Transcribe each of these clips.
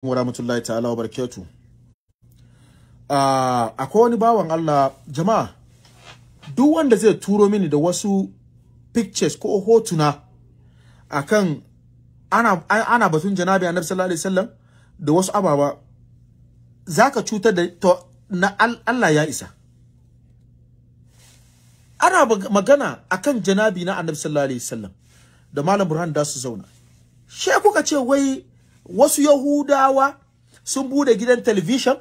ta'ala ah, akwai wani bawan Allah jama'a duk wanda zai turo mini da wasu pictures ko hotuna akan ana ana batun janabi annabi sallallahu alaihi wasallam da wasu ababa zaka cutar da to na Allah ya isa ana magana akan janabi na annabi sallallahu alaihi wasallam da malam burhan da su zauna she kuka ce wai wasu yahudawa sun bude gidan television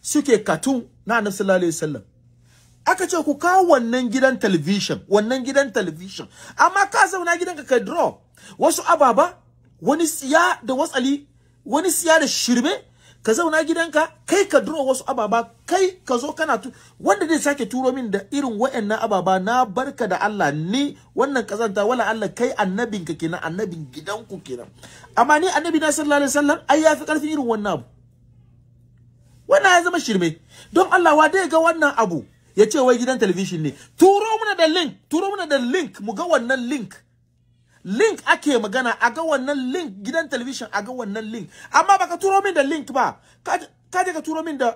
suke katun na annabi sallallahu alaihi wasallam aka ce ku kawo wannan gidan television wannan gidan television amma ka zauna gidanka ka draw wasu ababa wani siya da watsali wani siya da shirme ka zauna gidanka kai ka duro wasu ababa kai ka zo kana tu wanda zai sake turo min da irin wayannan ababa na barka da Allah ni wannan kazanta wala Allah kai annabin ka kenan annabin gidanku kenan amma ni annabi na sallallahu alaihi wasallam ai yafi karfin irin wannan abu wannan ya zama shirme don Allah wa dai ga wannan abu ya ce wai gidan television ne turo muna da link turo muna da link mu ga wannan link link ake magana a ga wannan link gidan television a ga wannan link amma baka turo min da link ba ka je ka turo min da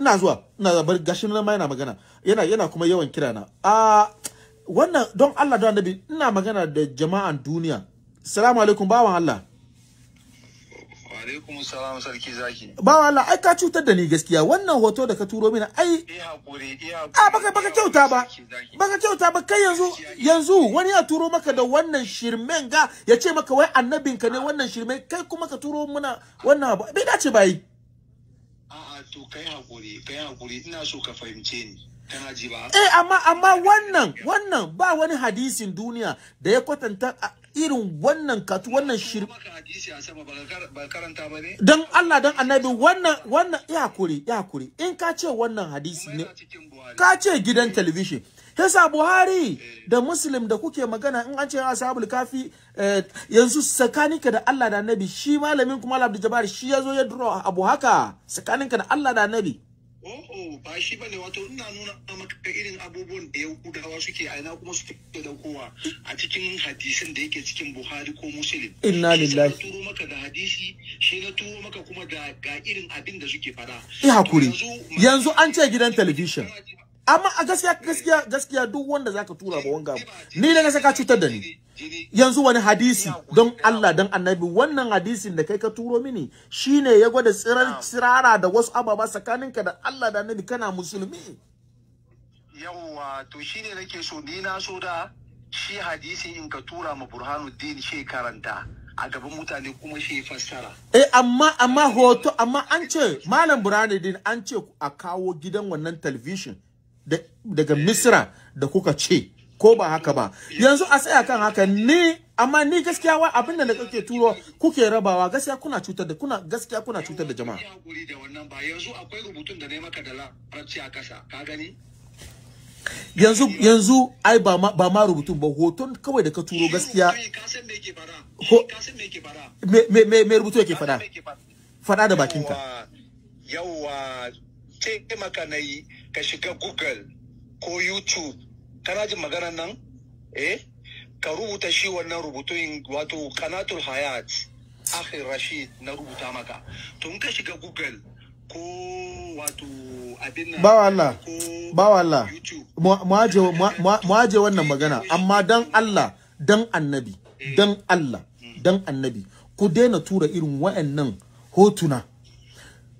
ina zuwa ina zabar gashin nan ma yana magana yana yana kuma yawan kira na a wannan don Allah da Annabi ina magana da jama'an duniya assalamu alaikum bawan Allah alaikum salam sarki zaki. Ba ai ka cutar da ni gaskiya wannan hoto da ka turo mini ai. Eh, A eh, ah, baka baka kyauta ba. Baka kyauta ba kai yanzu yanzu wani ya turo maka da wannan shirmen ga ya ce maka wai annabin ka ne wannan shirmen kai kuma ka turo muna wannan abu bai dace ba yi. A'a to kai hakuri kai hakuri ina so ka fahimce ni. eh amma amma wannan wannan ba wani hadisin duniya da ya kwatanta irin wannan katu wannan shir don Allah don annabi wannan wannan ya kuri ya kuri. in ka ce wannan hadisi ne ka ce gidan eh. talabishin Hesa Buhari eh. da Muslim da kuke magana in an ce ashabul kafi eh, yanzu tsakaninka da Allah da Annabi shi malamin kuma Abdul Jabbar shi yazo ya duro abu haka tsakaninka da Allah da Annabi O'o ba shi bane wato ina nuna maka irin abubuwan da gudawa suke aina kuma suke daukowa a cikin hadisin da yake cikin Buhari ko Muslim. Inna lillahi. Shi turo maka da hadisi shi na turo maka kuma da ga irin abin da suke fada. Ya hakuri. Yanzu an ce gidan talabijin. amma a gaskiya gaskiya gaskiya duk wanda zaka tura ba wanga ni da ka cutar da ni yanzu wani hadisi don Allah don annabi wannan hadisin da kai ka turo mini shine ya gwada tsirar tsirara da wasu ababa tsakaninka da Allah da annabi kana musulmi yawwa to shine nake so ni na so da shi hadisin in ka tura ma burhanuddin shi karanta a gaban mutane kuma shi fassara. Eh amma amma hoto amma an ce Malam Burhanuddin an ce a kawo gidan wannan television daga misra da kuka ce ko ba haka ba yanzu a tsaya kan haka ni amma ni gaskiya wa abin da kake turo kuke rabawa gaskiya kuna cutar da kuna gaskiya kuna cutar da jama'a hakuri da wannan ba yanzu akwai rubutun da maka da larabci a kasa ka gani yanzu yanzu ai ba ma ba ma rubutun ba hoton kawai da ka turo gaskiya ka me me me rubutu yake fada fada da bakinka yawa ce maka nayi ka shiga google ko youtube kana jin magana nan eh ka rubuta shi wannan rubutun wato kanatul hayat akhir rashid na rubuta maka to in ka shiga google ko wato abin bawa Allah bawa Allah mu aje wannan magana amma dan Allah dan annabi eh. dan Allah dan annabi ku daina tura irin wa'annan hotuna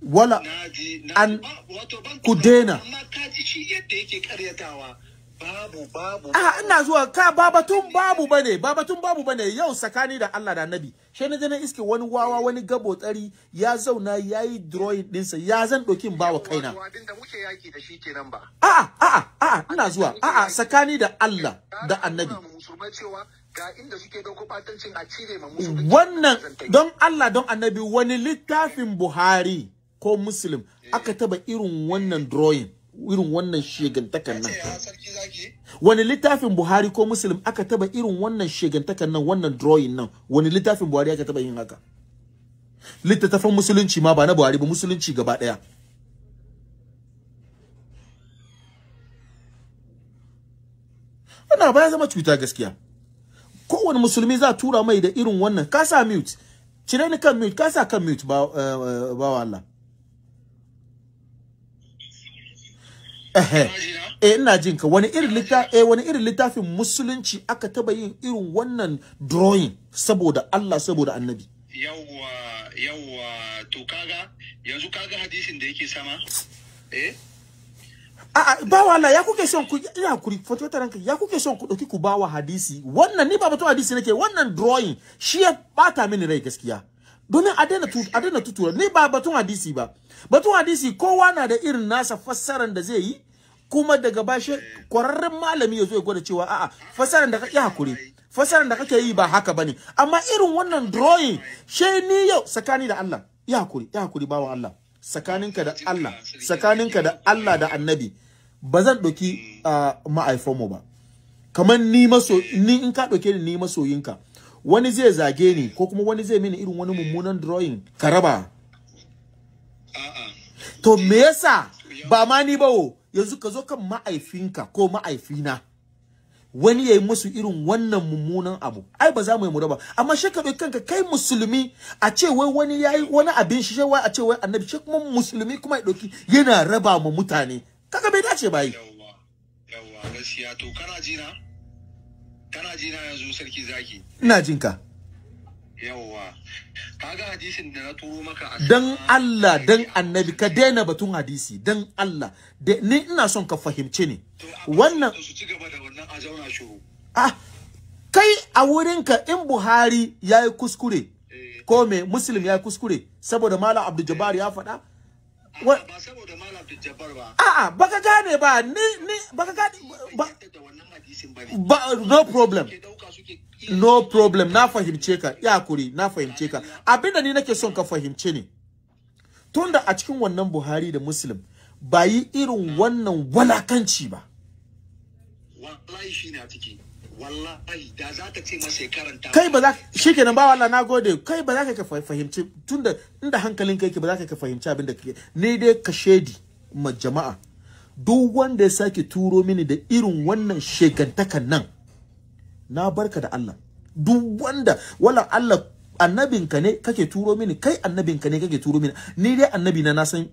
wala an ku dena Ah, ina zuwa ka babatun babu bane babatun babu bane yau tsakani da Allah da Annabi shi ne na iske wani wawa wani gabo tsari ya zauna yayi drawing sa ya zan dokin bawa kaina A'a, a'a, a'a, ina zuwa a'a tsakani da Allah da Annabi wannan don Allah don Annabi wani littafin Buhari ko muslim aka taba irin wannan drawing irin wannan shegantakan nan wani littafin buhari ko muslim aka taba irin wannan shegantakan nan wannan drawing nan wani littafin buhari aka taba yin haka littattafan musulunci ma ba na buhari ba musulunci gaba daya ana baya zama cuta gaskiya kowane musulmi za tura mai da irin wannan ka sa mute cire ni kan mute ka sa kan mute ba eh, eh, ba Allah eh ina jin ka wani irin littafi eh wani irin littafin musulunci aka taba yin irin wannan drawing saboda Allah saboda annabi yawwa yawwa to kaga yanzu kaga hadisin da yake sama eh A'a ba wala ya kuke son ku ina foto ta ranka ya kuke son ku dauki ku bawa hadisi wannan ni ba batun hadisi nake wannan drawing shi ya bata mini rai gaskiya domin a daina tutura ni ba batun hadisi ba batun hadisi kowa na da irin nasa fassaran da zai yi kuma daga bashi kwararren malami ya zo ya gwada cewa a'a fasara da kake hakuri fasara da kake yi ba haka bane amma irin wannan drawing shi ni yau sakani da Allah ya hakuri ya hakuri bawa Allah tsakaninka da Allah da Allah da Annabi ba zan doki ma'aifan mu ba kamar ni maso ni in ka doke ni ni masoyinka wani zai zage ni ko kuma wani zai mini irin wani mummunan drawing ka raba To me yasa ba ma ni ba wo yanzu ka zo kan ma'aifinka ko ma'aifina wani yayi musu irin wannan mummunan abu ai ba za mu yi muraba amma shi ka kanka kai musulmi a ce wai wani yayi wani abin shi wai a ce wai annabi shi kuma musulmi kuma ya ɗauki, yana raba ma mutane kaga bai dace ba yi yawa yawa gaskiya to kana jina kana jina yanzu sarki zaki ina jinka yawwa kaga hadisin da na turo maka dan Allah dan annabi ka daina batun hadisi dan Allah ni ina son ka fahimce ne wannan su ci gaba da wannan a zauna shiru ah kai a wurinka in Buhari yayi kuskure eh. ko me Muslim yayi kuskure saboda Malam Abdul Jabbar ya faɗa Ba saboda ba. gane ba, ni ni baka gane ba. no problem. No problem, na fahimce ka, ya kuri, na fahimce ka. Abinda ni nake son ka fahimce ni Tunda a cikin wannan Buhari da Muslim ba yi irin wannan walakanci ba. Wallahi shine a ciki. wallahi da za ta ce masa karanta kai ba za shikenan ba wallahi nagode kai ba za ka fahimci tunda inda hankalin kai ke ba za ka fahimci abin da kake ni dai ka shedi ma jama'a duk wanda ya sake turo mini da irin wannan shegantakan nan na barka da Allah duk wanda wallan Allah annabinka ne kake turo mini kai annabinka ne kake turo mini ni dai annabi na na san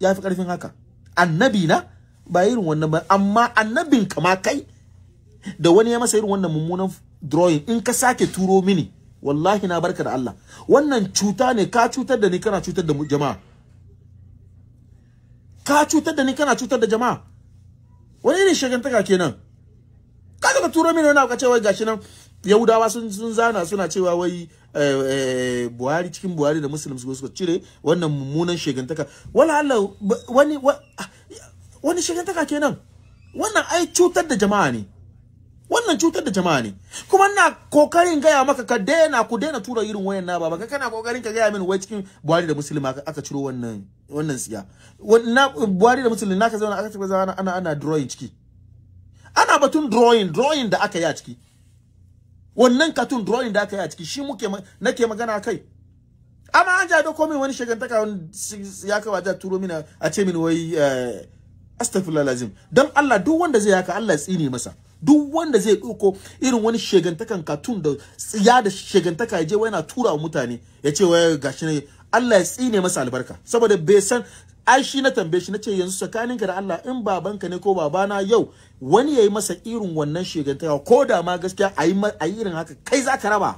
yafi karfin haka annabi na ba irin wannan ba amma annabinka ma kai da wani ya masa irin wannan mummunan drawing in ka sake turo mini wallahi na barka da Allah wannan cuta ne ka cutar da ni kana cutar da jama'a ka cutar da ni kana cutar da jama'a wani ne shagantaka kenan Ka ka turo mini wani abu ka ce wai gashi nan yahudawa sun sun zana suna cewa wai eh, eh, buhari cikin buhari da muslims suka cire wannan mummunan shegantaka wala Allah wani ah, wani shegantaka kenan wannan ai cutar da jama'a ne wannan cutar da jama'a ne kuma ina kokarin gaya maka ka daina ku daina tura irin wayan na baba kana kokarin ka gaya min wai cikin buhari da musulma aka ciro wannan wannan siya wannan buhari da musulma naka zauna aka zauna ana ana drawing ciki ana batun drawing drawing da aka yi a ciki wannan katun drawing da aka yi a ciki shi muke nake magana kai amma an jado komai wani shagantaka ya kawa ja turo mina a ce min wai eh, astaghfirullah lazim dan Allah duk wanda zai yaka Allah ya tsine masa duk wanda zai ɗauko irin wani shegantakan katun da tsiya da shegantaka ya je wai yana tura wa mutane ya ce wai shi ne Allah ya tsine masa albarka saboda bai san ai shi na tambaye shi na ce yanzu tsakaninka da Allah in babanka ne ko babana yau wani yayi masa irin wannan shegantaka ko da ma gaskiya ayi ayi irin haka kai zaka raba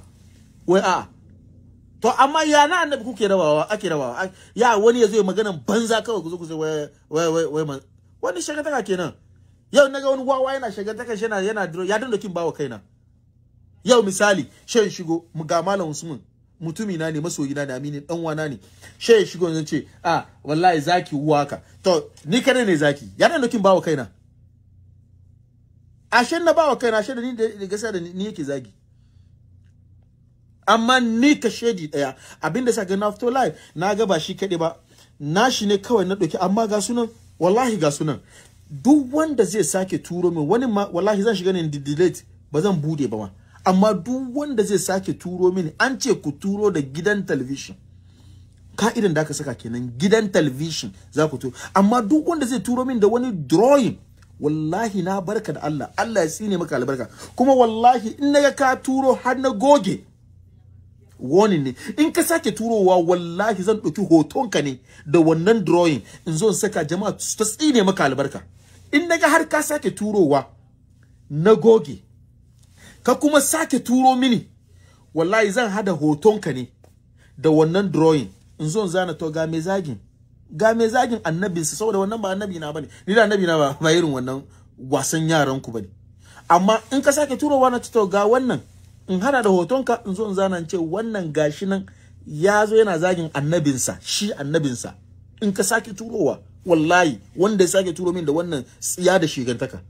wai a to amma ya na annabi kuke rabawa ake rabawa ya wani ya zo ya magana banza kawai ku zo ku wai wai wai wani shegantaka kenan yau naga wani wawa yana shagantaka shi yana yana ya dinda kin bawo kaina yau misali shan shigo mu ga malam Usman mutumi na ne masoyi na amini dan wana ne she ya shigo zan ce a ah, wallahi zaki uwaka to ni kada ne zaki ya dinda kin bawo kaina ashe na bawo kaina ashe da ni da gasa da ni yake zagi amma ni ka shedi daya abinda sa ga na fito live na ga ba shi kade ba nashi ne kawai na doki amma ga sunan wallahi ga sunan duk wanda zai sake turo min wani ma wallahi zan shiga ne delete ba zan bude ba ma amma duk wanda zai sake turo min an ce ku turo da gidan television ka'idan da aka saka kenan gidan television za ku turo amma duk wanda zai turo min da wani drawing wallahi na barka da Allah Allah ya tsine maka albarka kuma wallahi in naga ka turo har na goge warning ne in ka sake turowa wallahi zan ɗauki ka ne da wannan drawing in zo saka jama'a ta tsine maka albarka in naga har ka sake turowa na goge ka kuma sake turo mini wallahi zan hada hotonka ne da wannan drawing in zo zana to ga mai zagin ga mai zagin annabinsa saboda wannan ba annabi na bane ni da annabi na ba ba irin wannan wasan yaran ku bane amma in ka sake turowa na to ga wannan in hada da hotonka in zo in zana ce wannan gashi nan ya zo yana zagin annabinsa shi annabinsa in ka sake turowa wallahi wanda ya sake turo min da wannan ya da shigantaka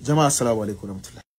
jama'a assalamu alaikum warahmatullahi